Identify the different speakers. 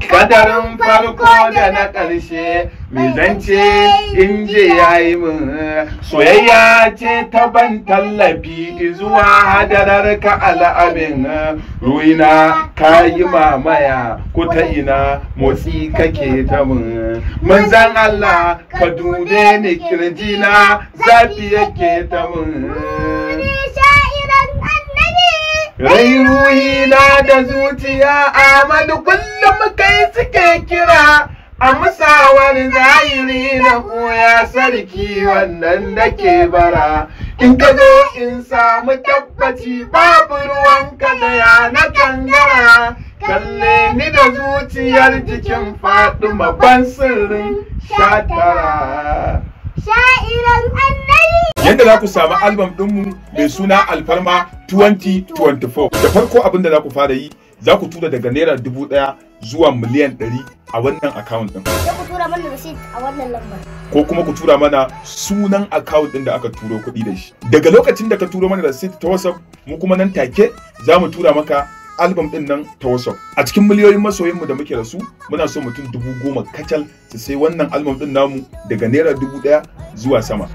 Speaker 1: kadarin farko da na ƙarshe mai zance in je ya yi min soyayya ce ta ban tallafi zuwa hadarar ka al'amin ruina ka yi mamaya ko ta ina motsi kake ta min manzan Allah ka dube ni kirjina zafi yake ta min Rai ruhi na da zuciya Amadu kullum da muka yi suke kira a wani zahiri na koya sarki wannan da ke bara in ka zo in samu tabbaci babu ruwanka da ya na kangara kalle ni da zuciyar jikin fatima ban sirrin shatara
Speaker 2: yadda
Speaker 3: za ku samu albam ɗinmu mai suna alfarma 2024 da farko abin da za ku fara yi za ku tura daga naira dubu ɗaya zuwa miliyan ɗari a wannan account ɗin.
Speaker 4: ku tura mana receipt a wannan lambar. Ko kuma ku tura
Speaker 3: mana sunan account ɗin da aka turo kuɗi da shi. Daga lokacin da ka turo mana receipt ta WhatsApp mu kuma nan take za mu tura maka album ɗin nan ta WhatsApp. A cikin miliyoyin masoyinmu da muke da su muna so mutum dubu goma kacal su sai wannan album ɗin namu daga naira dubu ɗaya zuwa sama.